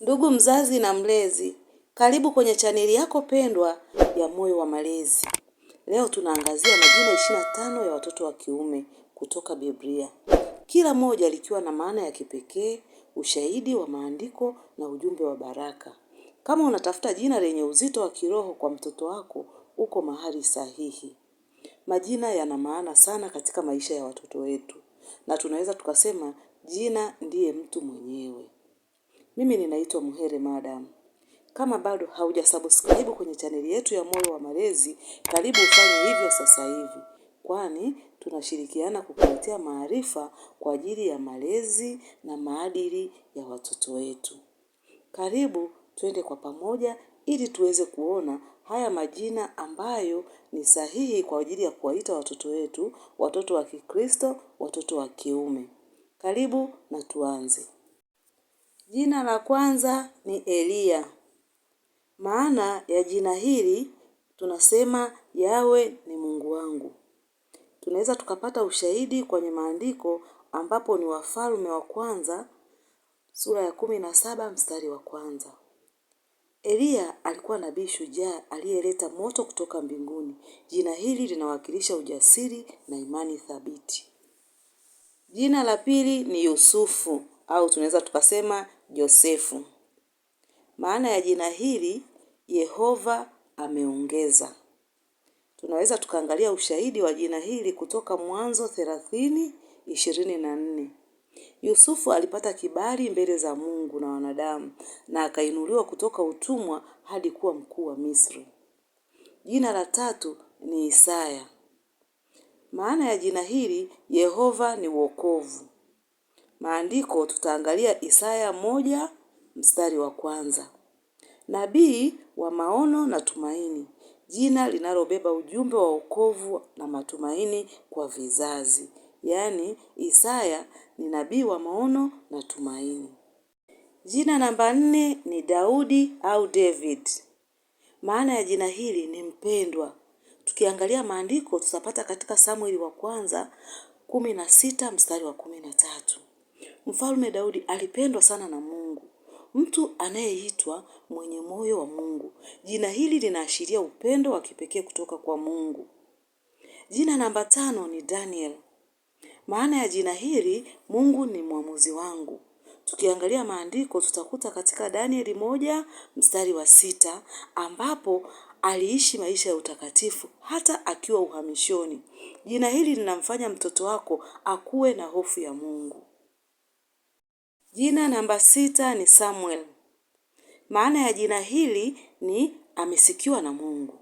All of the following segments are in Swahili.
Ndugu mzazi na mlezi, karibu kwenye chaneli yako pendwa ya Moyo wa Malezi. Leo tunaangazia majina ishirini na tano ya watoto wa kiume kutoka Biblia, kila moja likiwa na maana ya kipekee, ushahidi wa maandiko na ujumbe wa baraka. Kama unatafuta jina lenye uzito wa kiroho kwa mtoto wako, uko mahali sahihi. Majina yana maana sana katika maisha ya watoto wetu, na tunaweza tukasema jina ndiye mtu mwenyewe. Mimi ninaitwa Muhere Madam. Kama bado hauja subscribe kwenye chaneli yetu ya Moyo wa Malezi, karibu ufanye hivyo sasa hivi, kwani tunashirikiana kukuletea maarifa kwa ajili ya malezi na maadili ya watoto wetu. Karibu twende kwa pamoja ili tuweze kuona haya majina ambayo ni sahihi kwa ajili ya kuwaita watoto wetu, watoto wa Kikristo, watoto wa kiume. Karibu na tuanze. Jina la kwanza ni Eliya. Maana ya jina hili tunasema Yawe ni Mungu wangu. Tunaweza tukapata ushahidi kwenye maandiko ambapo ni Wafalme wa kwanza sura ya kumi na saba mstari wa kwanza. Eliya alikuwa nabii shujaa aliyeleta moto kutoka mbinguni. Jina hili linawakilisha ujasiri na imani thabiti. Jina la pili ni Yusufu au tunaweza tukasema Yosefu. Maana ya jina hili Yehova ameongeza. Tunaweza tukaangalia ushahidi wa jina hili kutoka Mwanzo thelathini ishirini na nne. Yusufu alipata kibali mbele za Mungu na wanadamu na akainuliwa kutoka utumwa hadi kuwa mkuu wa Misri. Jina la tatu ni Isaya. Maana ya jina hili Yehova ni wokovu maandiko tutaangalia Isaya moja mstari wa kwanza. Nabii wa maono na tumaini, jina linalobeba ujumbe wa wokovu na matumaini kwa vizazi. Yaani Isaya ni nabii wa maono na tumaini. Jina namba nne ni Daudi au David. Maana ya jina hili ni mpendwa. Tukiangalia maandiko tutapata katika Samueli wa kwanza kumi na sita mstari wa kumi na tatu. Mfalme Daudi alipendwa sana na Mungu, mtu anayeitwa mwenye moyo wa Mungu. Jina hili linaashiria upendo wa kipekee kutoka kwa Mungu. Jina namba tano ni Daniel. Maana ya jina hili, Mungu ni mwamuzi wangu. Tukiangalia maandiko tutakuta katika Danieli moja mstari wa sita ambapo aliishi maisha ya utakatifu hata akiwa uhamishoni. Jina hili linamfanya mtoto wako akuwe na hofu ya Mungu. Jina namba sita ni Samuel. Maana ya jina hili ni amesikiwa na Mungu.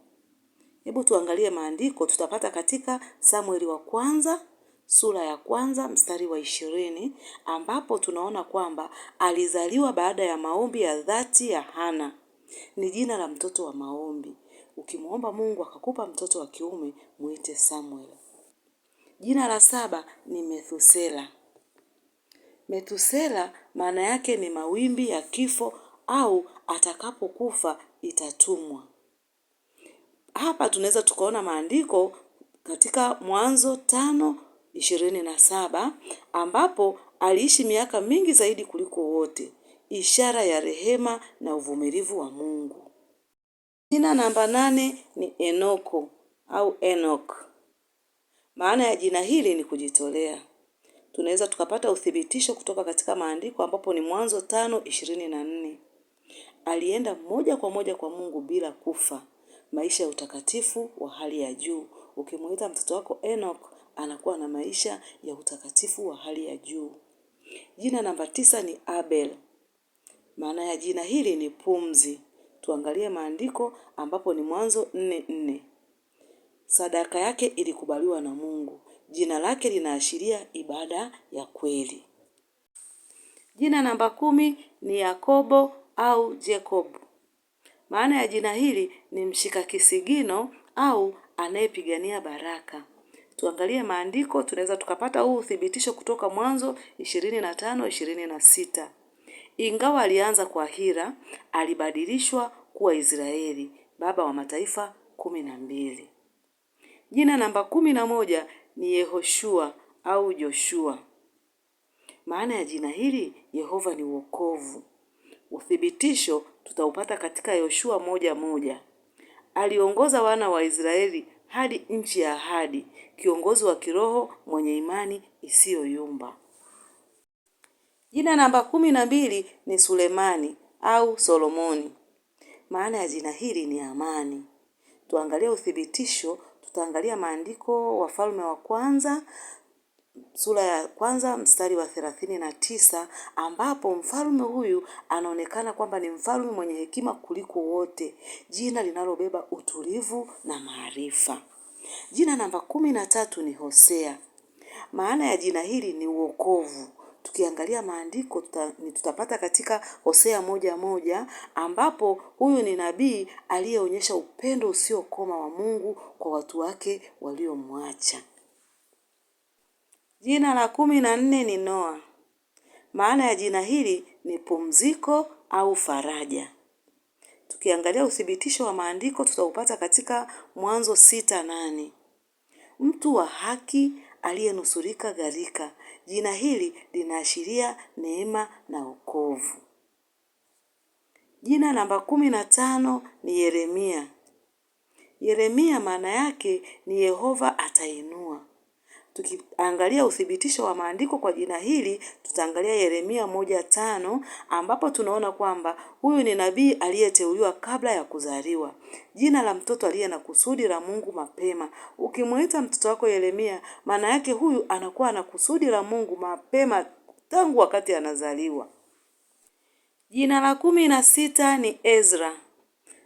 Hebu tuangalie maandiko tutapata katika Samueli wa kwanza sura ya kwanza mstari wa ishirini ambapo tunaona kwamba alizaliwa baada ya maombi ya dhati ya Hana. Ni jina la mtoto wa maombi. Ukimwomba Mungu akakupa mtoto wa kiume, muite Samuel. Jina la saba ni Methusela. Metusela maana yake ni mawimbi ya kifo au atakapokufa itatumwa. Hapa tunaweza tukaona maandiko katika Mwanzo tano ishirini na saba ambapo aliishi miaka mingi zaidi kuliko wote, ishara ya rehema na uvumilivu wa Mungu. Jina namba nane ni Enoko au Enoch. Maana ya jina hili ni kujitolea tunaweza tukapata uthibitisho kutoka katika maandiko ambapo ni Mwanzo tano ishirini na nne. Alienda moja kwa moja kwa Mungu bila kufa, maisha ya utakatifu wa hali ya juu. Ukimuita mtoto wako Enoch anakuwa na maisha ya utakatifu wa hali ya juu. Jina namba tisa ni Abel. Maana ya jina hili ni pumzi. Tuangalie maandiko ambapo ni Mwanzo nne nne. Sadaka yake ilikubaliwa na Mungu. Jina lake linaashiria ibada ya kweli. Jina namba kumi ni Yakobo au Jacob. Maana ya jina hili ni mshika kisigino au anayepigania baraka. Tuangalie maandiko, tunaweza tukapata huu uthibitisho kutoka Mwanzo ishirini na tano ishirini na sita ingawa alianza kwa Hira, alibadilishwa kuwa Israeli, baba wa mataifa kumi na mbili. Jina namba kumi na moja ni Yehoshua au Joshua. Maana ya jina hili Yehova ni wokovu. Uthibitisho tutaupata katika Yoshua moja moja. Aliongoza wana wa Israeli hadi nchi ya ahadi, kiongozi wa kiroho mwenye imani isiyoyumba. Jina namba kumi na mbili ni Sulemani au Solomoni. Maana ya jina hili ni amani. Tuangalie uthibitisho tutaangalia maandiko Wafalme wa kwanza sura ya kwanza mstari wa thelathini na tisa ambapo mfalme huyu anaonekana kwamba ni mfalme mwenye hekima kuliko wote, jina linalobeba utulivu na maarifa. Jina namba kumi na tatu ni Hosea. Maana ya jina hili ni uokovu tukiangalia maandiko tuta, ni tutapata katika Hosea moja moja ambapo huyu ni nabii aliyeonyesha upendo usiokoma wa Mungu kwa watu wake waliomwacha. Jina la kumi na nne ni Noa. Maana ya jina hili ni pumziko au faraja. Tukiangalia uthibitisho wa maandiko tutaupata katika Mwanzo sita nane mtu wa haki aliyenusurika gharika Jina hili linaashiria neema na wokovu. Jina namba kumi na tano ni Yeremia. Yeremia maana yake ni Yehova atainua. Tukiangalia uthibitisho wa maandiko kwa jina hili, tutaangalia Yeremia moja tano ambapo tunaona kwamba huyu ni nabii aliyeteuliwa kabla ya kuzaliwa, jina la mtoto aliye na kusudi la Mungu mapema. Ukimwita mtoto wako Yeremia, maana yake huyu anakuwa na kusudi la Mungu mapema tangu wakati anazaliwa. Jina la kumi na sita ni Ezra.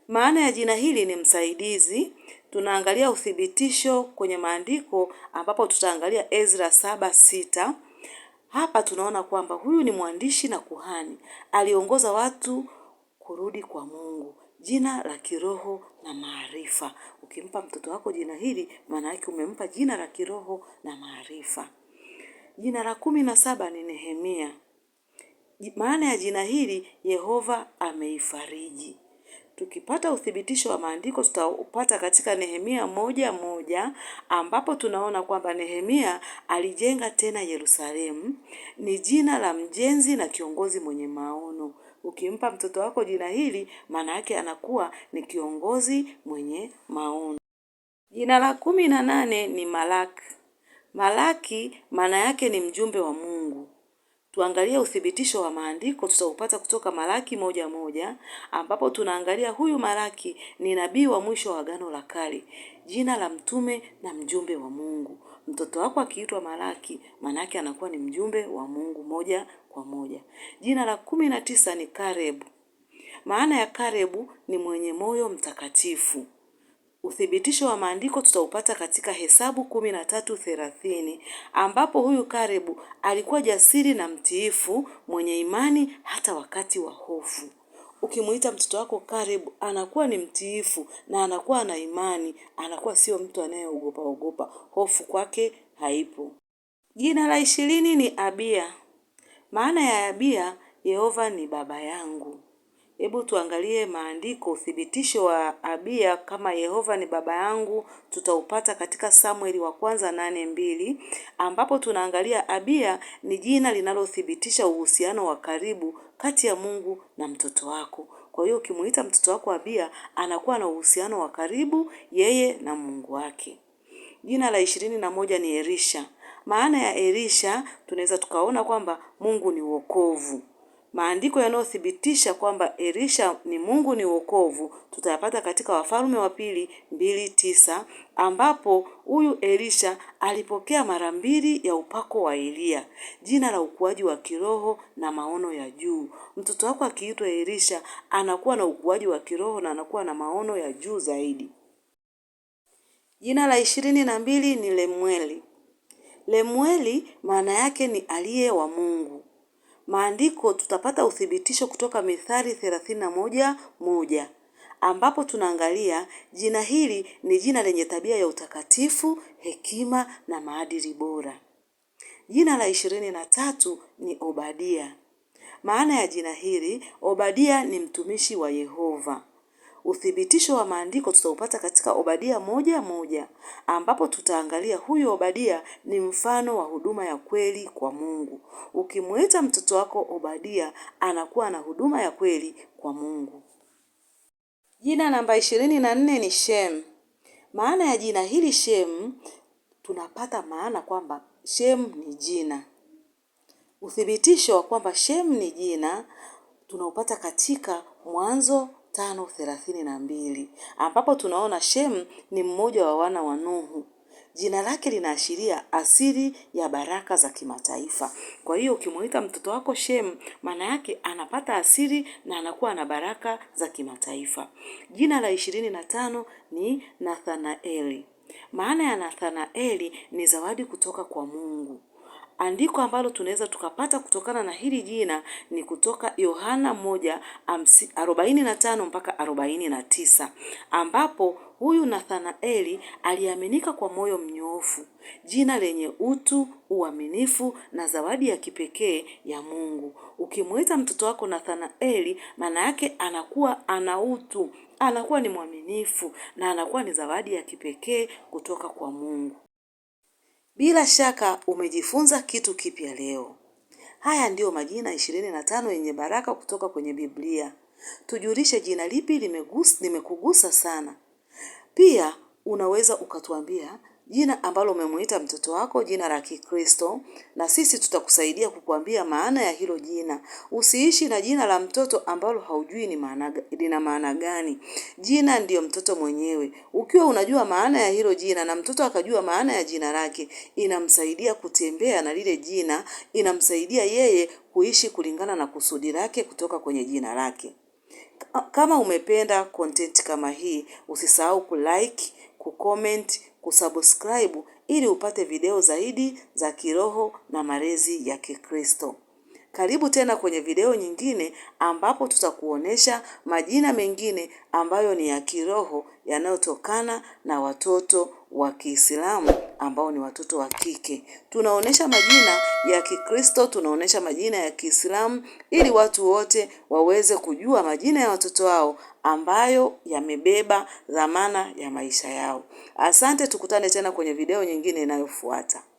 Maana ya jina hili ni msaidizi, tunaangalia uthibitisho kwenye maandiko ambapo tutaangalia Ezra saba sita. Hapa tunaona kwamba huyu ni mwandishi na kuhani, aliongoza watu kurudi kwa Mungu, jina la kiroho na maarifa. Ukimpa mtoto wako jina hili, maana yake umempa jina la kiroho na maarifa. Jina la kumi na saba ni Nehemia. Maana ya jina hili Yehova ameifariji. Tukipata uthibitisho wa maandiko tutaupata katika Nehemia moja moja ambapo tunaona kwamba Nehemia alijenga tena Yerusalemu. Ni jina la mjenzi na kiongozi mwenye maono. Ukimpa mtoto wako jina hili, maana yake anakuwa ni kiongozi mwenye maono. Jina la kumi na nane ni Malaki. Malaki maana yake ni mjumbe wa Mungu tuangalie uthibitisho wa maandiko tutaupata kutoka Malaki moja moja, ambapo tunaangalia huyu Malaki ni nabii wa mwisho wa Agano la Kale, jina la mtume na mjumbe wa Mungu. Mtoto wako akiitwa Malaki, manake anakuwa ni mjumbe wa Mungu moja kwa moja. Jina la kumi na tisa ni Karebu. Maana ya Karebu ni mwenye moyo mtakatifu. Uthibitisho wa maandiko tutaupata katika Hesabu kumi na tatu thelathini ambapo huyu karibu alikuwa jasiri na mtiifu, mwenye imani hata wakati wa hofu. Ukimuita mtoto wako karibu anakuwa ni mtiifu na anakuwa ana imani, anakuwa sio mtu anayeogopa ogopa, hofu kwake haipo. Jina la ishirini ni abia Maana ya abia Yehova ni baba yangu. Hebu tuangalie maandiko, uthibitisho wa abia kama Yehova ni baba yangu tutaupata katika Samueli wa kwanza nane mbili ambapo tunaangalia abia ni jina linalothibitisha uhusiano wa karibu kati ya Mungu na mtoto wako. Kwa hiyo ukimuita mtoto wako abia anakuwa na uhusiano wa karibu yeye na Mungu wake. Jina la ishirini na moja ni Erisha. Maana ya Erisha tunaweza tukaona kwamba Mungu ni wokovu maandiko yanayothibitisha kwamba Elisha ni Mungu ni wokovu tutayapata katika Wafalme wa Pili mbili tisa ambapo huyu Elisha alipokea mara mbili ya upako wa Eliya, jina la ukuaji wa kiroho na maono ya juu. Mtoto wako akiitwa Elisha anakuwa na ukuaji wa kiroho na anakuwa na maono ya juu zaidi. Jina la ishirini na mbili ni Lemueli. Lemueli maana yake ni aliye wa Mungu maandiko tutapata uthibitisho kutoka Mithali 311 moja moja ambapo tunaangalia jina hili ni jina lenye tabia ya utakatifu, hekima na maadili bora. Jina la ishirini na tatu ni Obadia. Maana ya jina hili, Obadia ni mtumishi wa Yehova. Uthibitisho wa maandiko tutaupata katika Obadia moja moja ambapo tutaangalia huyu Obadia ni mfano wa huduma ya kweli kwa Mungu. Ukimwita mtoto wako Obadia anakuwa na huduma ya kweli kwa Mungu. Jina namba ishirini na nne ni Shem. Maana ya jina hili Shem, tunapata maana kwamba Shem ni jina. Uthibitisho wa kwamba Shem ni jina tunaupata katika Mwanzo tano thelathini na mbili ambapo tunaona shem ni mmoja wa wana wa Nuhu. Jina lake linaashiria asili ya baraka za kimataifa. Kwa hiyo ukimuita mtoto wako Shem, maana yake anapata asili na anakuwa na baraka za kimataifa. Jina la ishirini na tano ni Nathanaeli. Maana ya Nathanaeli ni zawadi kutoka kwa Mungu. Andiko ambalo tunaweza tukapata kutokana na hili jina ni kutoka Yohana 145 mpaka tisa ambapo huyu Nathanaeli aliaminika kwa moyo mnyoofu, jina lenye utu, uaminifu na zawadi ya kipekee ya Mungu. Ukimwita mtoto wako Nathanaeli, maana yake anakuwa ana utu, anakuwa ni mwaminifu na anakuwa ni zawadi ya kipekee kutoka kwa Mungu. Bila shaka umejifunza kitu kipya leo. Haya ndiyo majina ishirini na tano yenye baraka kutoka kwenye Biblia. Tujulishe jina lipi limekugusa sana. Pia unaweza ukatuambia jina ambalo umemuita mtoto wako, jina la Kikristo, na sisi tutakusaidia kukuambia maana ya hilo jina. Usiishi na jina la mtoto ambalo haujui ni maana, lina maana gani. Jina ndiyo mtoto mwenyewe. Ukiwa unajua maana ya hilo jina na mtoto akajua maana ya jina lake, inamsaidia kutembea na lile jina, inamsaidia yeye kuishi kulingana na kusudi lake kutoka kwenye jina lake. Kama umependa content kama hii, usisahau kulike, kucomment kusubscribe ili upate video zaidi za kiroho na malezi ya Kikristo. Karibu tena kwenye video nyingine ambapo tutakuonesha majina mengine ambayo ni ya kiroho yanayotokana na watoto wa Kiislamu ambao ni watoto wa kike. Tunaonesha majina ya Kikristo, tunaonesha majina ya Kiislamu ili watu wote waweze kujua majina ya watoto wao ambayo yamebeba dhamana ya maisha yao. Asante, tukutane tena kwenye video nyingine inayofuata.